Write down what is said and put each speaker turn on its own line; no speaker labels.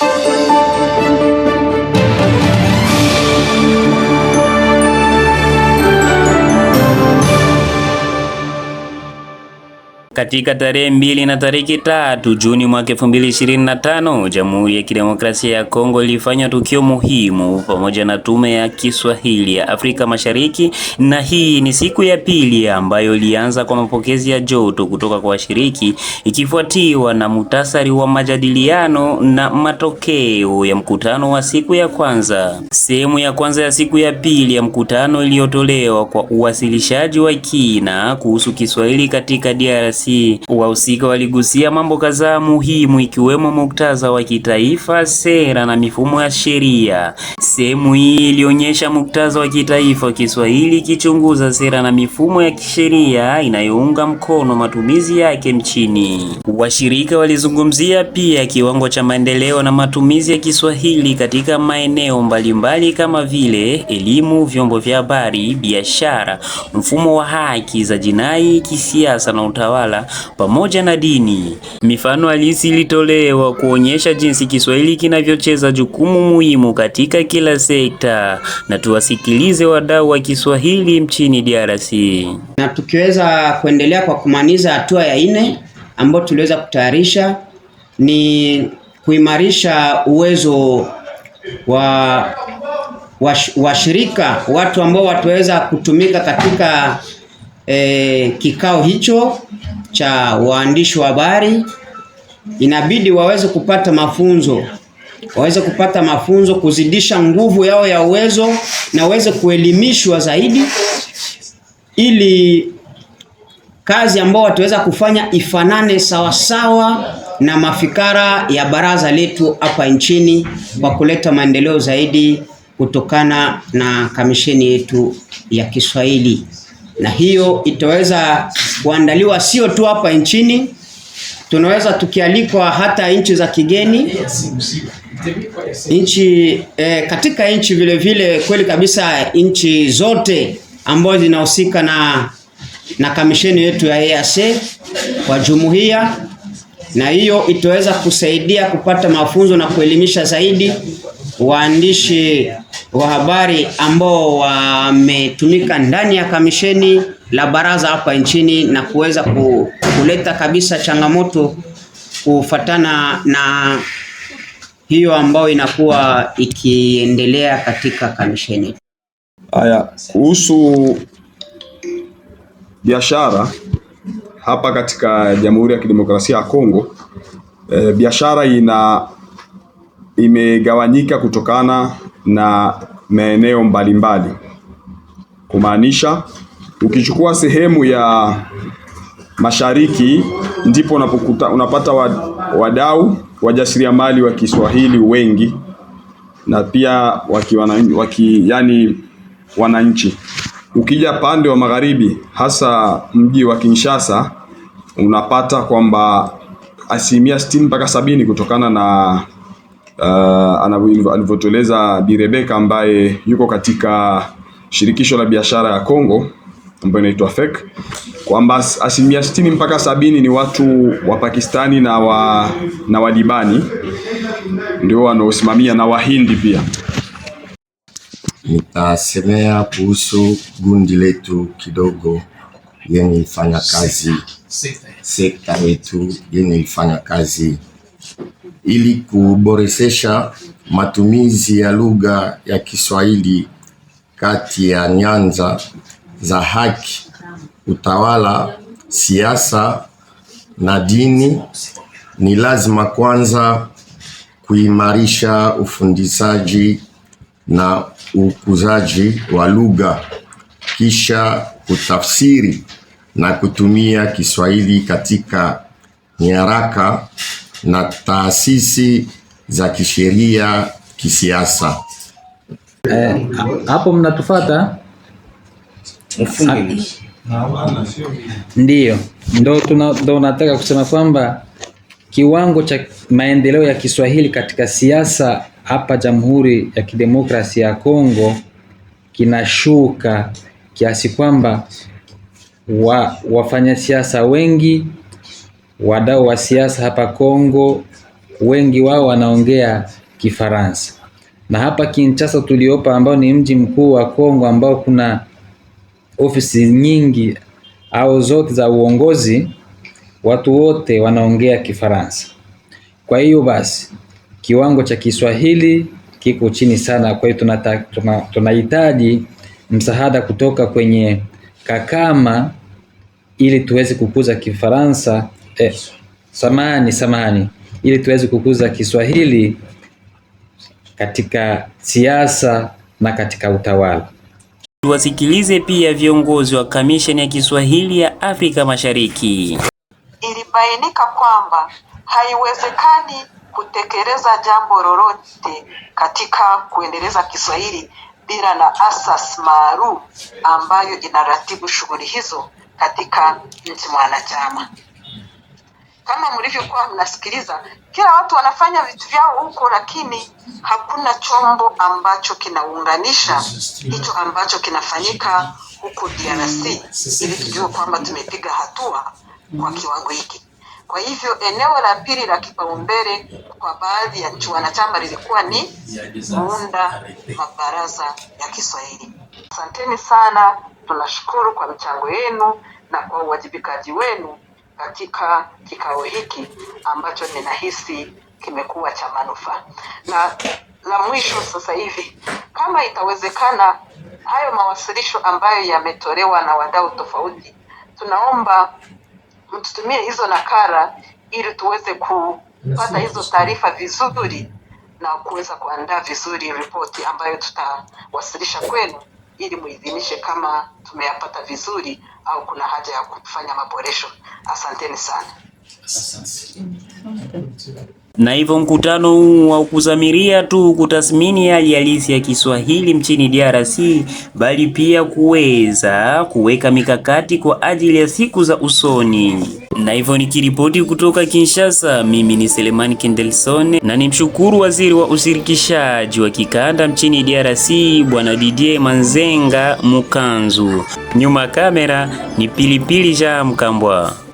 Thank you. Katika tarehe mbili na tariki tatu Juni mwaka tano Jamhuri ya Kidemokrasia ya Kongo ilifanya tukio muhimu pamoja na Tume ya Kiswahili ya Afrika Mashariki, na hii ni siku ya pili ambayo ilianza kwa mapokezi ya joto kutoka kwa washiriki ikifuatiwa na mutasari wa majadiliano na matokeo ya mkutano wa siku ya kwanza. Sehemu ya kwanza ya siku ya pili ya mkutano iliyotolewa kwa uwasilishaji wa kina kuhusu Kiswahili katika DRC hii. Wahusika waligusia mambo kadhaa muhimu ikiwemo muktadha wa kitaifa, sera na mifumo ya sheria. Sehemu hii ilionyesha muktadha wa kitaifa, Kiswahili ikichunguza sera na mifumo ya kisheria inayounga mkono matumizi yake nchini. Washirika walizungumzia pia kiwango cha maendeleo na matumizi ya Kiswahili katika maeneo mbalimbali kama vile elimu, vyombo vya habari, biashara, mfumo wa haki za jinai, kisiasa na utawala pamoja na dini. Mifano halisi ilitolewa kuonyesha jinsi Kiswahili kinavyocheza jukumu muhimu katika kila sekta, na tuwasikilize wadau wa Kiswahili mchini DRC.
Na tukiweza kuendelea kwa kumaliza hatua ya nne ambayo tuliweza kutayarisha ni kuimarisha uwezo wa washirika wa watu ambao wataweza kutumika katika eh, kikao hicho cha waandishi wa habari, inabidi waweze kupata mafunzo, waweze kupata mafunzo kuzidisha nguvu yao ya uwezo na waweze kuelimishwa zaidi, ili kazi ambayo wataweza kufanya ifanane sawasawa na mafikara ya baraza letu hapa nchini kwa kuleta maendeleo zaidi kutokana na kamisheni yetu ya Kiswahili, na hiyo itaweza kuandaliwa sio tu hapa nchini, tunaweza tukialikwa hata nchi za kigeni nchi eh, katika nchi vile vile kweli kabisa, nchi zote ambazo zinahusika na na kamisheni yetu ya EAC kwa jumuiya, na hiyo itaweza kusaidia kupata mafunzo na kuelimisha zaidi waandishi wa habari ambao wametumika ndani ya kamisheni la baraza hapa nchini na kuweza kuleta kabisa changamoto kufatana na hiyo ambayo inakuwa ikiendelea katika kamisheni.
Haya, kuhusu biashara hapa katika Jamhuri ya Kidemokrasia ya Kongo, e, biashara ina imegawanyika kutokana na maeneo mbalimbali. Kumaanisha ukichukua sehemu ya mashariki ndipo unapokuta, unapata wadau wajasiriamali wa Kiswahili wengi na pia waki, waki, yani wananchi. Ukija pande wa magharibi hasa mji wa Kinshasa unapata kwamba asilimia sitini mpaka sabini kutokana na uh, alivyotueleza Bi Rebecca ambaye yuko katika shirikisho la biashara ya Kongo ambayo inaitwa FEC kwamba asilimia sitini mpaka sabini ni watu wa Pakistani na wa na Walibani ndio wanaosimamia na Wahindi pia.
Nitasemea kuhusu gundi letu kidogo yenye ifanya kazi, sekta yetu yenye ifanya kazi ili kuboresesha matumizi ya lugha ya Kiswahili kati ya nyanja za haki, utawala, siasa na dini, ni lazima kwanza kuimarisha ufundishaji na ukuzaji wa lugha, kisha kutafsiri na kutumia Kiswahili katika nyaraka na taasisi za kisheria kisiasa.
Eh, hapo mnatufata? Ndiyo, ndo tuna nataka kusema kwamba kiwango cha maendeleo ya Kiswahili katika siasa hapa Jamhuri ya Kidemokrasia ya Kongo kinashuka kiasi kwamba wa, siasa wengi wadau wa siasa hapa Kongo, wengi wao wanaongea Kifaransa, na hapa Kinshasa tuliopa, ambao ni mji mkuu wa Kongo, ambao kuna ofisi nyingi au zote za uongozi, watu wote wanaongea Kifaransa. Kwa hiyo basi kiwango cha Kiswahili kiko chini sana. Kwa hiyo tunahitaji tuna, msaada kutoka kwenye Kakama ili tuweze kukuza Kifaransa eh, samani samani, ili tuweze kukuza Kiswahili katika siasa na katika utawala.
Tuwasikilize pia viongozi wa Kamisheni ya Kiswahili ya Afrika Mashariki.
Ilibainika kwamba haiwezekani kutekeleza jambo lolote katika kuendeleza Kiswahili bila na asasi maalum ambayo inaratibu shughuli hizo katika nchi mwanachama kama mlivyokuwa mnasikiliza, kila watu wanafanya vitu vyao huko, lakini hakuna chombo ambacho kinaunganisha hicho ambacho kinafanyika huko DRC ili tujue kwamba tumepiga hatua kwa kiwango hiki. Kwa hivyo eneo la pili la kipaumbele kwa baadhi ya nchi wanachama lilikuwa ni kuunda mabaraza ya Kiswahili. Asanteni sana, tunashukuru kwa michango yenu na kwa uwajibikaji wenu katika kikao hiki ambacho ninahisi kimekuwa cha manufaa. Na la mwisho sasa hivi, kama itawezekana, hayo mawasilisho ambayo yametolewa na wadau tofauti, tunaomba mtutumie hizo nakala ili tuweze kupata hizo taarifa vizuri na kuweza kuandaa vizuri ripoti ambayo tutawasilisha kwenu ili muidhinishe kama tumeyapata vizuri au kuna haja ya kufanya maboresho. Asanteni sana.
Na hivyo mkutano huu kuzamiria tu kutathmini hali halisi ya Kiswahili mchini DRC bali pia kuweza kuweka mikakati kwa ajili ya siku za usoni. Na hivyo nikiripoti kutoka Kinshasa, mimi ni Selemani Kendelson na nimshukuru waziri wa ushirikishaji wa kikanda mchini DRC Bwana Didier Manzenga Mukanzu. Nyuma kamera ni Pilipili ja Mkambwa.